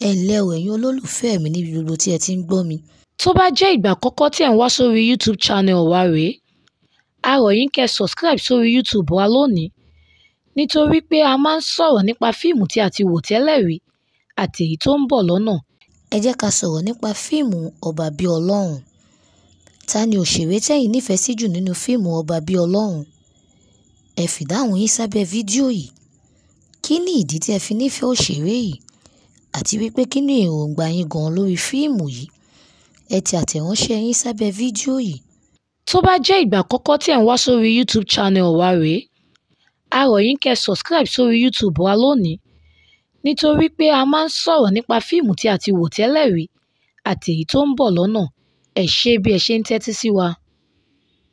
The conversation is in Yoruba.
ẹ ǹlẹ́ o ẹ̀yin olólùfẹ́ mi níbi gbogbo tí ẹ ti ń gbọ́ mi. tó bá jẹ́ ìgbà àkọ́kọ́ tí ẹ̀ ń wá sórí youtube channel wa rèé a rọ̀ yín kẹ́ subscribe sórí youtube wa lónìí nítorí pé a máa ń sọ̀rọ̀ nípa fíìmù tí a ti wò tẹ́lẹ̀ rí àti èyí tó ń bọ̀ lọ́nà. ẹ jẹ́ ká sọ̀rọ̀ nípa fíìmù ọba bíi ọlọ́run ta ni òṣèré tẹ́yìn nífẹ̀ẹ́ sí jù nínú fíìmù ọba bíi ọlọ́run ẹ fìdáhùn yín sábẹ́ fídíò yìí kí ni ìdí tí ẹ fi nífẹ̀ẹ́ òṣèré yìí àti wípé kí ni èròǹgbà yín gan lórí fíìmù yìí ẹ ti àtẹ̀ránṣẹ́ yín sábẹ́ fídíò yìí. tó bá jẹ́ ìgbà àkọ́kọ́ tí ẹ̀ ń wá sórí youtube channel wa rèé a rọ̀ yín kẹ́ subscribe sórí youtube wa lónìí nítorí pé a máa ń sọ̀rọ̀ nípa fíìmù tí a ti wò tẹ́lẹ̀ rí àti èyí tó ń bọ̀ lọ́nà ẹ ṣé bí ẹ ṣe ń tẹ́tí sí wa.